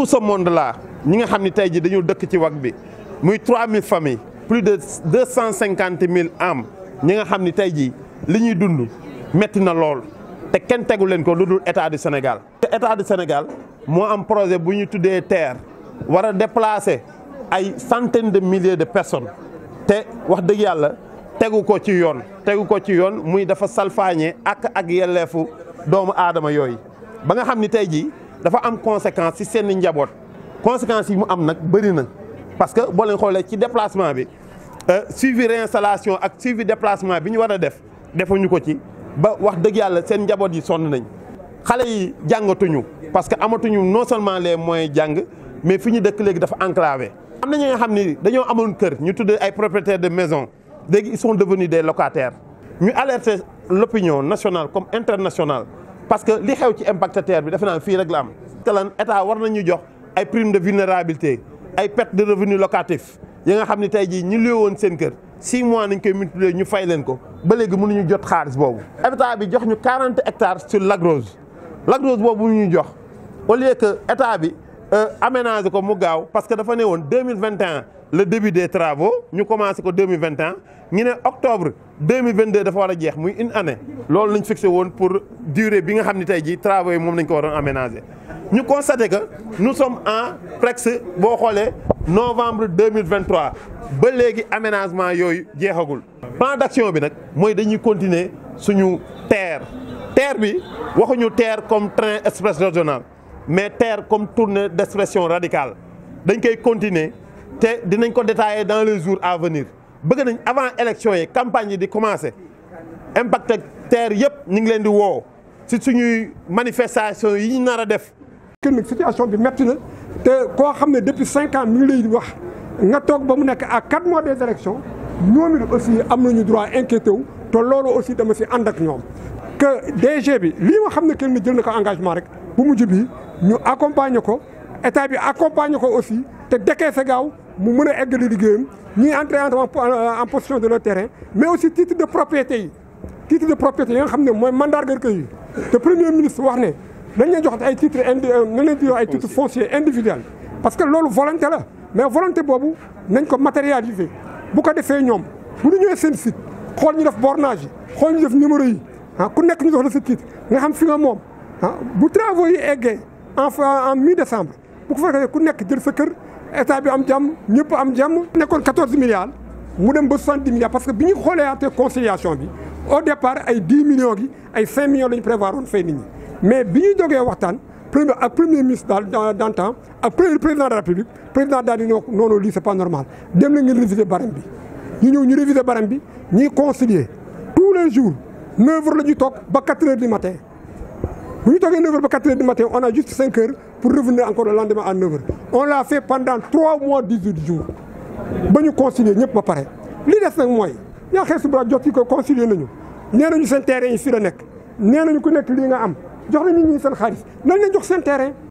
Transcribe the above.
tout ce monde là ñi nga xam ne tey jii dañu dëkk ci wag bi muy 3000 familles plus de 250 000 âmes ñi nga xam ni tey jii li ñuy dund métti na lool te kenn tegu leen ko lu dul état du Sénégal. te état du Sénégal moo am projet bu ñu tuddee TER war a déplacer ay centaines de milliers de personnes te wax dëgg yàlla tegu ko ci yoon. tegu ko ci yoon muy dafa salfaañee ak ak yelleefu doomu aadama yooyu ba nga xam ni tey jii. dafa am conséquence ci seen njaboot conséquence yi mu am nag bëri na parce que boo leen xoolee ci déplacement bi euh, suivi réinstallation ak suivi déplacement bi ñu war a def defuñu ko ci ba wax dëgg yàlla seen njaboot yi sonn nañ xale yi jàngatuñu parce que amatuñu non seulement les moyens jàng mais fi ñu dëkk léegi dafa enclavé. am na ñi nga xam ni dañoo amoon kër ñu tuddee ay propriétaires de maison léegi ils sont devenus des locataires ñu alerter l'opinion nationale comme internationale. parce que li xew ci impact terre bi defe naa fii rek la am te lan état war nañu jox ay prime de vulnérabilité ay perte de revenu locatif yi nga xam ni tey jii ñu luwe woon seen kër six mois nañ koy multiplier ñu fay leen ko ba léegi ñu jot xaalis boobu. état bi jox ñu quarante hectares sur Lac Rose Lac Rose boobu ñu jox au lieu que état bi euh, aménager ko mu gaaw parce que dafa ne woon deux mille vingt et le début des travaux ñu commencé ko an ñu ne octobre 2022 dafa war a jeex muy une année loolu lañ fixé woon pour durée bi nga xam ni tey jii travaux yi moom lañ ko waroon aménager ñu constaté que nu some en presque boo xoolee novembre 2023 ba léegi aménagement yooyu jeexagul plan action bi nag mooy dañuy continuer suñu TER TER bi waxuñu TER comme train express régional mais TER comme tournée d'expression radicale dañ koy continuer te dinañ ko détailler dans les jours à venir bëgg nañ avant élection yi campagne yi di commencer impacteurs yëpp ñu ngi leen di woo ci suñuy manifestation yi ñu nar a def. économique situation bi métti na te koo xam ne depuis cinq ans mi lay wax nga toog ba mu nekk à quatre mois des élections ñoom it aussi am ñu droit inquiété wu te loolu aussi dama ci ànd ak ñoom. que DG bi lii nga xam ne kenn jël na ko engagement rek bu mujj bi ñu accompagner ko. état bi accompagner ko aussi te décaissé gaaw mu mën a eggali liggéeyam ñuy entrer en possession de leur terrain mais aussi titre de propriété yi titre de propriété yi nga xam ne mooy mandarga kër yi te premier ministre wax ne nañ leen jox ay titre indi nañ leen di jox parce que loolu volonté la mais volonté boobu nañ ko matérialisé bu ko defee ñoom bu ñu ñëwee seen sit xool ñu def bornage yi xool ñu def numéro yi ah ku nekk ñu jox la sa titre nga xam fi nga moom ah, bu travaux yi eggee en en mi décembre bu ko fekkee ku nekk jël sa kër état bi am jàmm ñëpp am jàmm. nekkoon quatorze milliards mu dem ba soixante parce que bi ñu xoolee te conciliation bi au départ ay dix millions gi ay cinq millions prévoir woon fay nit ñi mais bi ñu dogee waxtaan. premier ak premier ministre daal d'antan ak premier président de la république président daal di ne non non lii c'est pas normal dem na ngeen réviser barème bi ñu ñëw ñu réviser barème bi ñuy concilier tous les jours 9 heures la ñuy toog ba 4 heures du matin bu ñu toogee 9 pour revenir encore le lendemain à 9h on l'a fait pendant 3 mois 18 jours ba ñu concilier ñëpp ba pare li des nag mooy yaa xee subra jot yi ko concilier nañu nee nañu seen terrain yi fii la nekk nee nañu ku nekk lii nga am jox nañu ñi seen xaalis nañ leen jox seen terrain